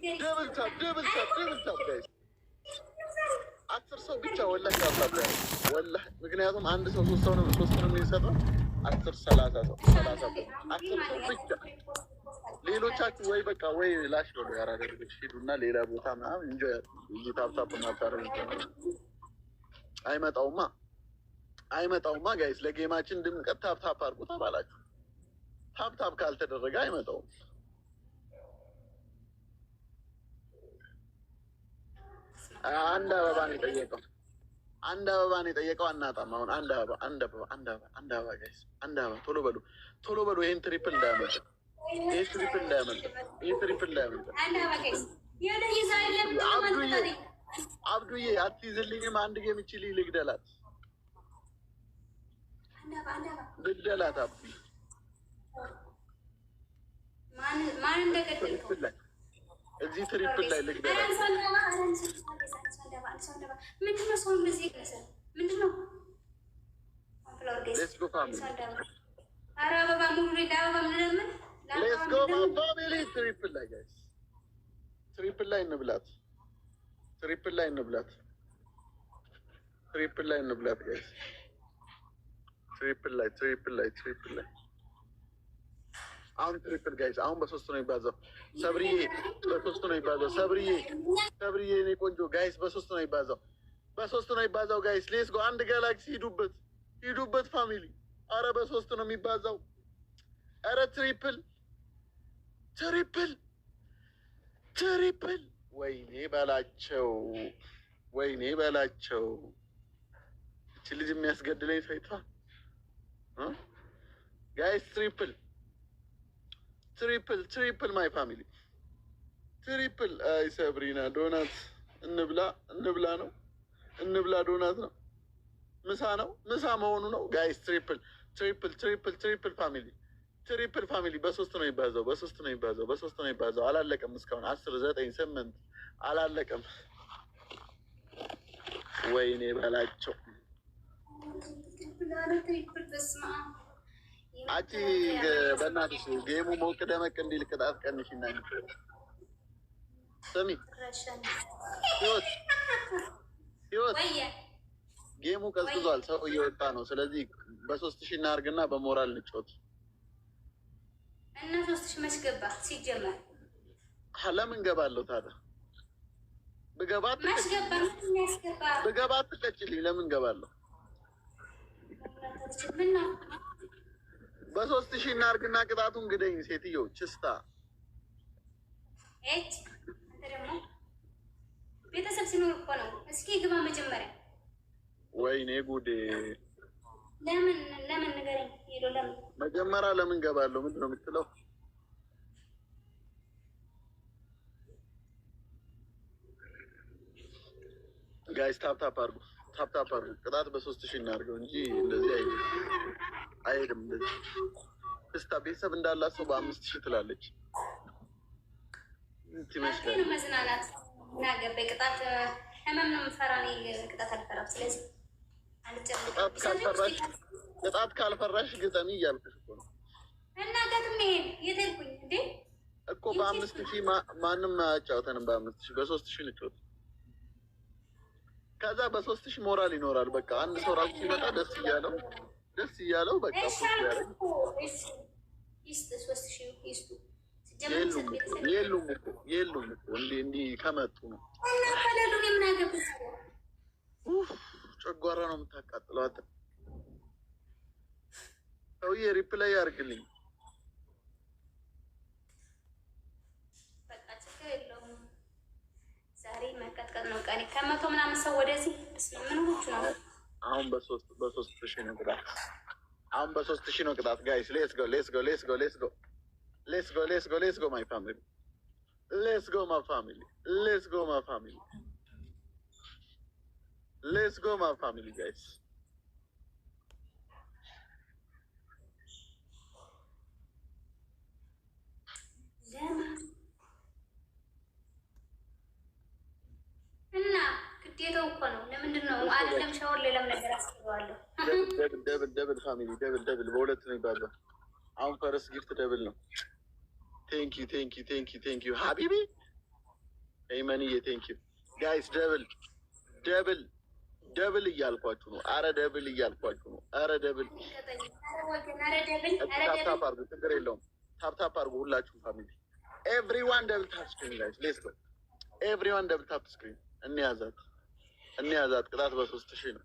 ደብል አስር ሰው ብቻ ወላሂ ያባባ ወላሂ። ምክንያቱም አንድ ሰው ሶስት ሰው ነው ሶስት ነው የሚሰጠው አስር ሰላሳ ሰው ሰላሳ ሰው አስር ሰው ብቻ። ሌሎቻችሁ ወይ በቃ ወይ ላሽ ነው ያራደ ሂዱና ሌላ ቦታ ምናምን እንጂ እዚህ ታፕ ታፕ አይመጣውማ አይመጣውማ ጋይስ። ለጌማችን ድምቀት ታፕ ታፕ ተባላችሁ። ታፕ ካልተደረገ አይመጣውም። አንድ አበባ ነው የጠየቀው። አንድ አበባ ነው የጠየቀው። አናጣም። አሁን አንድ አበባ አንድ አበባ አንድ አበባ አንድ አበባ ጋይስ፣ አንድ አበባ። ቶሎ በሉ ቶሎ በሉ። ይህን ትሪፕል እንዳያመልጥ፣ ይህ ትሪፕል እንዳያመልጥ፣ ይህ ትሪፕል እንዳያመልጥ። አብዱዬ አብዱዬ አትይዝልኝም። አንድ ጌም ይችል ልግደላት፣ ልግደላት። አብዱዬ ማን እንደገደልከው እዚህ ትሪፕል ላይ ልግደል ትሪፕል ላይ እንብላት፣ ትሪፕል ላይ እንብላት፣ ትሪፕል ላይ እንብላት፣ ትሪፕል ላይ ትሪፕል ላይ ትሪፕል ላይ አሁን ትሪፕል ጋይስ፣ አሁን በሶስት ነው የሚባዛው። ሰብርዬ በሶስት ነው ይባዛው። ሰብርዬ ሰብርዬ፣ እኔ ቆንጆ ጋይስ፣ በሶስት ነው የሚባዛው። በሶስት ነው ይባዛው። ጋይስ። ሌስ ጎ አንድ ጋላክሲ ሂዱበት፣ ሂዱበት ፋሚሊ። አረ በሶስት ነው የሚባዛው። አረ ትሪፕል ትሪፕል ትሪፕል! ወይኔ በላቸው፣ ወይኔ በላቸው። እቺ ልጅ የሚያስገድለኝ ሰይቷ ጋይስ ትሪፕል ትሪፕል ትሪፕል ማይ ፋሚሊ ትሪፕል። አይ ሰብሪና ዶናት እንብላ እንብላ ነው እንብላ ዶናት ነው ምሳ ነው ምሳ መሆኑ ነው ጋይስ። ትሪፕል ትሪፕል ትሪፕል ትሪፕል ፋሚሊ ትሪፕል ፋሚሊ በሶስት ነው ይባዛው በሶስት ነው የሚባዛው፣ በሶስት ነው የሚባዛው። አላለቀም እስካሁን አስር ዘጠኝ ስምንት አላለቀም። ወይኔ በላቸው አንቺ በእናትሽ ጌሙ ሞቅ ደመቅ እንዲል ቅጣት ቀንሽና ስሚ ህይወት ህይወት ጌሙ ቀዝቅዟል። ሰው እየወጣ ነው። ስለዚህ በሶስት ሺህ እናድርግና በሞራል እንጫወት እና ሶስት ሺ መች ገባ ሲጀመር ለምን ገባለሁ ታዲያ? ብገባ ብገባ አትቀጭልኝ። ለምን ገባለሁ? በሶስት ሺህ እናድርግና ቅጣቱን ግደኝ። ሴትዮ ችስታ ቤተሰብ ሲኖር እኮ ነው። እስኪ ግባ መጀመሪያ። ወይኔ ጉዴ! ለምን ለምን ንገረኝ። ሄዶ ለምን መጀመሪያ ለምን ገባለሁ? ምንድን ነው የምትለው? ጋይስ ታፕታፕ አድርጉ፣ ታፕታፕ አድርጉ። ቅጣት በሶስት ሺህ እናድርገው እንጂ እንደዚህ አይ አይሄድም። እስታ ቤተሰብ እንዳላት ሰው በአምስት ሺህ ትላለች። ቅጣት ካልፈራሽ ግጠሚ እያልኩሽ እኮ ነው። እናገርም ይሄን እንዴ እኮ በአምስት ሺህ ማንም አያጫውተንም። በአምስት ሺህ በሶስት ሺህ ንጮት ከዛ በሶስት ሺህ ሞራል ይኖራል። በቃ አንድ ሰው ራሱ ሲመጣ ደስ እያለው ደስ እያለው በቃ የሉም የሉም እንዲህ ከመጡ ነው ጨጓራ ነው የምታቃጥለው። ሰውዬ ሪፕላይ ያርግልኝ። ዛሬ መቀጥቀጥ ነው። ቀኔ ከመቶ ምናምን ሰው ወደዚህ ምን ነው አሁን በሶስት ሺህ ነው ቅጣት። አሁን በሶስት ሺህ ነው ቅጣት። ጋይስ ሌስ ጎ ሌስ ጎ ሌስ ጎ ሌስ ጎ ሌስ ጎ ሌስ ጎ ሌስ ጎ ማይ ፋሚሊ ሌስ ጎ ማ ፋሚሊ ሌስ ጎ ማ ፋሚሊ ሌስ ጎ ማ ፋሚሊ ጋይስ እና ግዴታው እኮ ለም ሻወር ሌላም ነገር ደብል ደብል ፋሚሊ ደብል ደብል በሁለት ነው አሁን ፈረስ ጊፍት ደብል ነው። ቴንክ ዩ ቴንክ ዩ ቴንክ ዩ ቴንክ ዩ ሀቢቢ ይመንዬ ቴንክ ዩ ጋይስ። ደብል ደብል ደብል እያልኳችሁ ነው። አረ ደብል እያልኳችሁ ነው። አረ ደብል ታፕታፕ አርጉ፣ ችግር የለውም። ታፕታፕ አርጉ ሁላችሁም ፋሚሊ። ኤቭሪዋን ደብል ታፕ ስክሪን ጋይስ፣ ሌትስ ጎ ኤቭሪዋን ደብል ታፕ ስክሪን እንያዛት የሚያዛት ቅጣት በሶስት ሺህ ነው።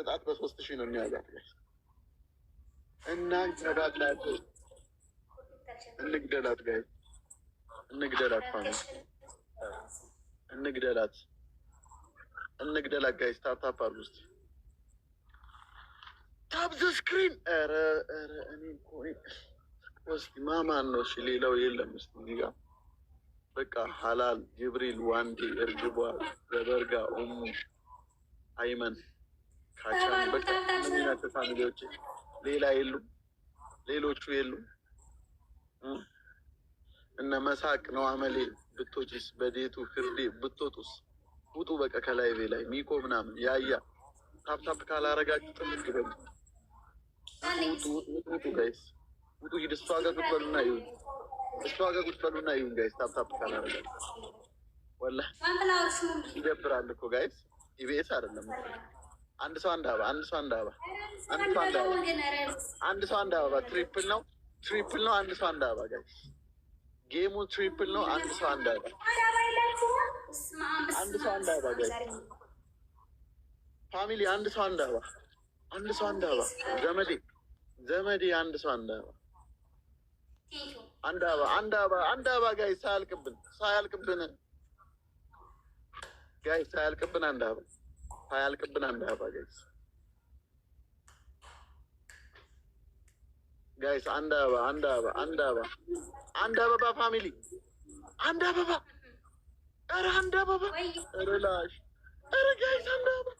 ቅጣት በሶስት ሺህ ነው የሚያዛት እና ገዳላት እንግደላት፣ ጋይ እንግደላት፣ ፋሚ እንግደላት፣ እንግደላት። ጋይ ስታርታፕ አሉ ውስጥ ታብ ዘ ስክሪን። ኧረ ኧረ እኔ እኮ ማማን ነው ሌላው የለም ስ ጋ በቃ ሀላል ጅብሪል ዋንዴ እርግቧ ዘበርጋ ኡሙ አይመን ካቻን ፋሚሊዎች ሌላ የሉ ሌሎቹ የሉ እነ መሳቅ ነው አመሌ ብቶችስ በዴቱ ፍርዴ ብትወጡስ ውጡ። በቃ ከላይ ላይ ሚኮ ምናምን ያያ ታፕታፕ ካላረጋችሁ ጥምቅ ይበሉ። ውጡ ውጡ፣ ጋይስ ውጡ። ሂድ እሷ ጋር ግበሉና ይሁን እሱ ጋር ቁጭ በሉና ይሁን ጋይስ። ታፕታፕ ካላደረገ ወላሂ ይደብራል እኮ ጋይስ። ኢቢኤስ አይደለም አንድ ሰው አንድ አበባ፣ አንድ ሰው አንድ አበባ፣ አንድ ሰው አንድ አበባ። ትሪፕል ነው፣ ትሪፕል ነው። አንድ ሰው አንድ አበባ ጋይስ። ጌሙ ትሪፕል ነው። አንድ ሰው አንድ አበባ፣ አንድ ሰው አንድ አበባ ጋይስ። ፋሚሊ አንድ ሰው አንድ አበባ፣ አንድ ሰው አንድ አበባ። ዘመዴ ዘመዴ አንድ ሰው አንድ አበባ አንድ አባ አንድ አባ አንድ አባ ጋይ ሳያልቅብን ሳያልቅብን ጋይ ሳያልቅብን አንድ አባ ሳያልቅብን አንድ አባ ጋይ ጋይስ አንድ አበባ አንድ አበባ አንድ አበባ አንድ አበባ ፋሚሊ አንድ አበባ ኧረ አንድ አበባ ኧረ ላሽ ኧረ ጋይስ አንድ አበባ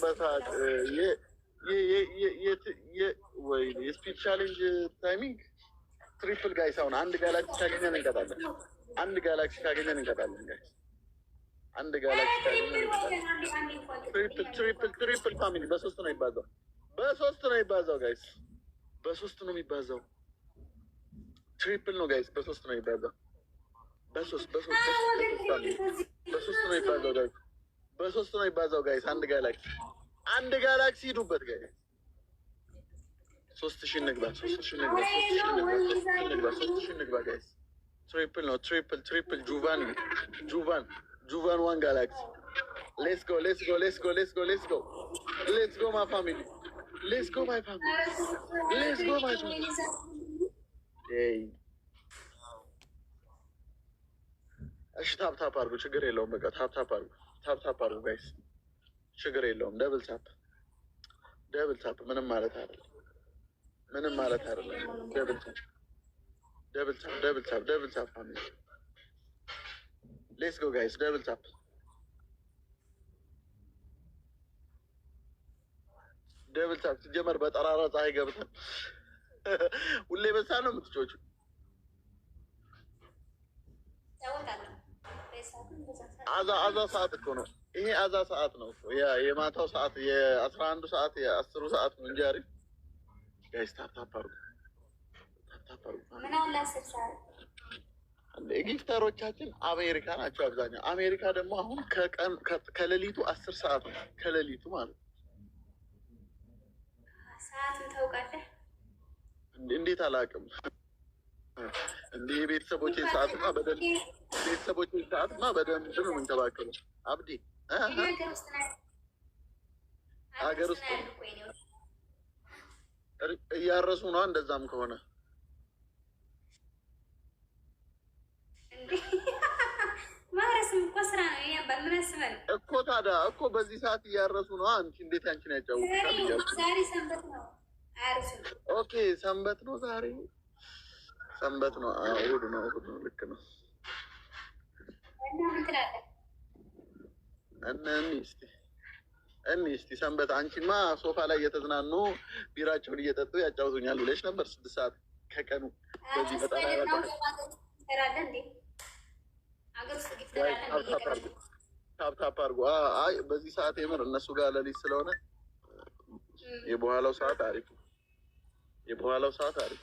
በሳቅ በሳቅ ወይ የስፒድ ቻሌንጅ ታይሚንግ ትሪፕል ጋይስ፣ አሁን አንድ ጋላክሲ ካገኘን እንቀጣለን። አንድ ጋላክሲ ካገኘን እንቀጣለን። ጋይስ አንድ ጋላክሲ ትሪፕል ትሪፕል ፋሚሊ በሶስት ነው የሚባዛው፣ በሶስት ነው የሚባዛው ጋይስ፣ በሶስት ነው የሚባዛው። ትሪፕል ነው ጋይስ፣ በሶስት ነው የሚባዛው። በሶስት በሶስት በሶስት ነው የሚባዛው ጋይስ በሶስት ነው ይባዛው ጋይስ። አንድ ጋላክሲ አንድ ጋላክሲ ሂዱበት ጋይ ሶስት ሺህ ንግባ ሶስት ሺህ ንግባ ሶስት ሺህ ንግባ ጋይስ። ትሪፕል ነው ትሪፕል ትሪፕል ጁቫን ጁቫን ጁቫን ዋን ጋላክሲ ሌትስ ጎ ሌትስ ጎ ሌትስ ጎ ሌትስ ጎ ሌትስ ጎ ሌትስ ጎ ማይ ፋሚሊ ሌትስ ጎ ማይ ፋሚሊ ሌትስ ጎ ማይ ፋሚሊ እሺ ታፕ ታፕ አድርጎ ችግር የለውም። በቃ ታፕ ታፕ አድርጎ ታፕታፕ አድርጉ ጋይስ፣ ችግር የለውም። ደብል ታፕ ደብል ታፕ ምንም ማለት አይደለም። ምንም ማለት አይደለም። ደብል ታፕ ደብል ታፕ ደብል ታፕ ደብል ታፕ ፋሚሊ ሌትስ ጎ ጋይስ፣ ደብል ታፕ ደብል ታፕ። ሲጀመር በጠራራ ፀሐይ ገብተን ሁሌ በሳ ነው የምትጮቹ አዛ አዛ ሰዓት እኮ ነው ይሄ አዛ ሰዓት ነው እኮ ያ የማታው ሰዓት የአስራ አንዱ ሰዓት የአስሩ ሰዓት ነው እንጂ አሪፍ ጋይስ ታፕታፕ አድርጉ ጊፍተሮቻችን አሜሪካ ናቸው አብዛኛው አሜሪካ ደግሞ አሁን ከቀን ከሌሊቱ አስር ሰዓት ነው ከሌሊቱ ማለት ሰዓቱን ታውቃለህ እንዴት አላውቅም እንዲህ ቤተሰቦችን ሰዓትማ በደንብ ቤተሰቦችን ሰዓትማ በደንብ ነው የምንከባከበው። አብዲ ሀገር ውስጥ እያረሱ ነው። እንደዛም ከሆነ እኮ ታዲያ እኮ በዚህ ሰዓት እያረሱ ነው። አንቺ እንዴት አንቺን ያጫውታል? ኦኬ ሰንበት ነው ዛሬ ሰንበት ነው። እሑድ ነው። እሑድ ነው። ልክ ነው። እኒ እስቲ ሰንበት አንቺማ ሶፋ ላይ እየተዝናኑ ቢራቸውን እየጠጡ ያጫውቱኛል ብለሽ ነበር ስድስት ሰዓት ከቀኑ በዚህ በጣም ታፕታፕ አድርጎ አይ በዚህ ሰዓት የምር እነሱ ጋር ለሊት ስለሆነ የበኋላው ሰዓት አሪፍ የበኋላው ሰዓት አሪፍ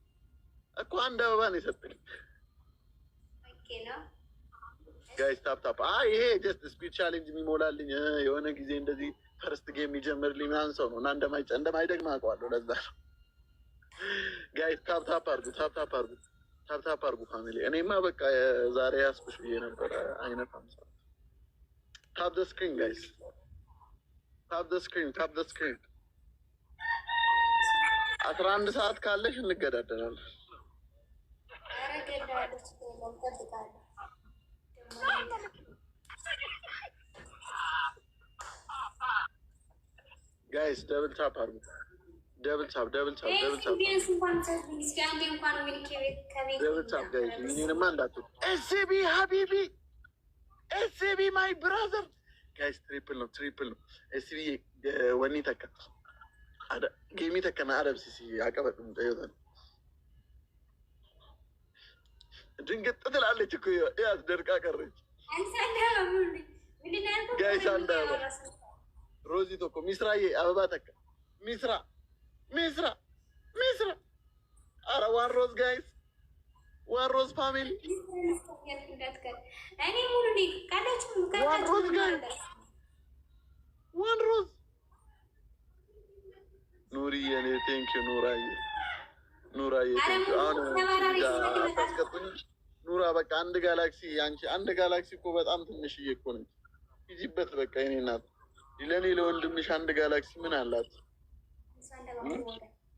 እኮ አንድ አበባ ነው የሰጠኝ። ጋይስ ታፕታፕ ይሄ ጀስት ስፒድ ቻሌንጅ የሚሞላልኝ የሆነ ጊዜ እንደዚህ ፈርስት ጌም የሚጀምርልኝ ምናምን ሰው ነው እና እንደማይደግም አውቀዋለሁ። ለዛ ነው ጋይስ ታፕታፕ አርጉ፣ ታፕታፕ አርጉ፣ ታፕታፕ አርጉ ፋሚሊ። እኔማ በቃ ዛሬ ያስኩሽ ብዬ ነበረ አይነት አምሳ ታፕ ደ ስክሪን ጋይስ፣ ታፕ ደ ስክሪን፣ ታፕ ደ ስክሪን። አስራ አንድ ሰዓት ካለሽ እንገዳደራለን። ጋይስ ደብል ታፕ አድርጉ። ደብል ታፕ ደብል ታፕ ደብል ታፕ ደብል ታፕ ጋይስ። እኔንማ እንዳትሉ ኤስቢ ሀቢቢ ኤስቢ ማይ ብራዘር ጋይስ። ትሪፕል ነው ትሪፕል ነው ኤስቢ ወኒ ተካ ጌሚ ተከና አረብ ሲሲ አቀበጥ ጠዮታ ድንገት ትላለች እኮ ያስ ደርቃ ቀረች ጋይስ አንዳ ሮዚ እኮ ሚስራዬ አበባ ተካ ሚስራ ሚስራ ሚስራ። አረ ዋን ሮዝ ጋይስ ዋን ሮዝ ፋሚሊ ዋን ሮዝ ጋይስ ዋን ሮዝ ኑሪዬ እኔ ቴንክ ዩ ኑራዬ ኑራ በቃ አንድ ጋላክሲ አንቺ አንድ ጋላክሲ እኮ በጣም ትንሽዬ እኮ ነች። ሂጂበት በቃ የኔ እናት ለእኔ ለወንድምሽ አንድ ጋላክሲ ምን አላት?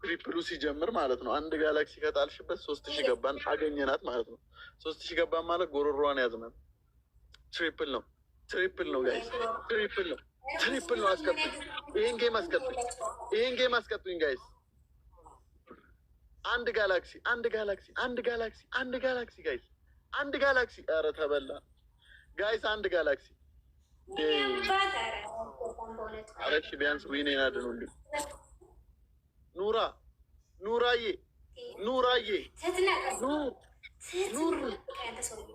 ትሪፕሉ ሲጀምር ማለት ነው። አንድ ጋላክሲ ከጣልሽበት ሶስት ሺ ገባን አገኘናት ማለት ነው። ሶስት ሺ ገባን ማለት ጎሮሯን ያዝናል። ትሪፕል ነው፣ ትሪፕል ነው ጋይስ፣ ትሪፕል ነው፣ ትሪፕል ነው። አስቀጡኝ፣ ይህን ጌም አስቀጡኝ፣ ይህን ጌም አስቀጡኝ ጋይስ። አንድ ጋላክሲ፣ አንድ ጋላክሲ፣ አንድ ጋላክሲ፣ አንድ ጋላክሲ ጋይስ፣ አንድ ጋላክሲ። ኧረ ተበላ ጋይስ፣ አንድ ጋላክሲ አንድ ጋላክሲ አንድ ጋላክሲ ጋይስ አንድ ጋላክሲ አረ ተበላ ጋይስ አንድ ጋላክሲ አረሽ ቢያንስ ዊኔ ናድኑልኝ። ኑራ ኑራዬ ኑራዬ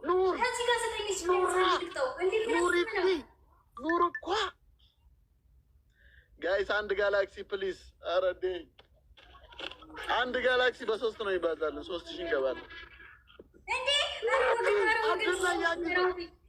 ኑር እኳ ጋይስ አንድ ጋላክሲ ፕሊስ። አረዴ አንድ ጋላክሲ በሶስት ነው ይባዛለን። ሶስት ሺህ እንገባለን።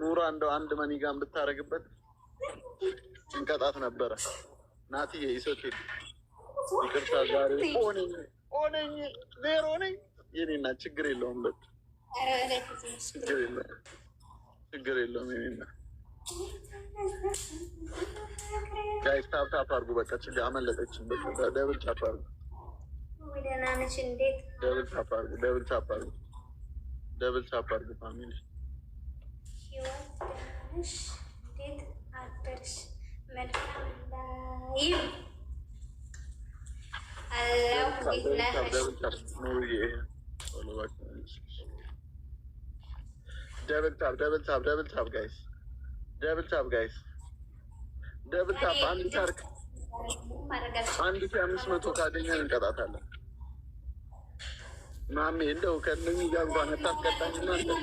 ኑሮ እንደው አንድ መኒጋን ብታደርግበት እንቀጣት ነበረ። ናትዬ ይሶቴ ይቅርታ፣ ዛሬ ሆነኝ ዜሮ ነኝ የኔና ችግር የለውም በት ችግር የለውም የኔና ጋይስ ታፕ ታፕ አድርጉ። በቃ ችግር አመለጠችን። በደብል ደብል ታፕ አድርጉ። ደህና ነሽ? እንዴት ደብል ታፕ ፋሚሊ እንዴት አደርሽ? መልካም ደብል ታፕ ደብል አንድ ታርክ አምስት መቶ ካገኘን እንቀጣታለን። ማሜ እንደው ከእነኚህ ጋር እንኳን አታስቀጣኝና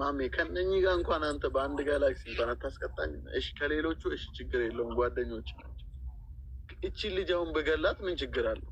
ማሜ ከእነኚህ ጋር እንኳን አንተ በአንድ ጋላክሲ እንኳን አታስቀጣኝ። እሺ ከሌሎቹ እሺ ችግር የለውም ጓደኞች ናቸው። እቺ ልጅ አሁን በገላት ምን ችግር አለው?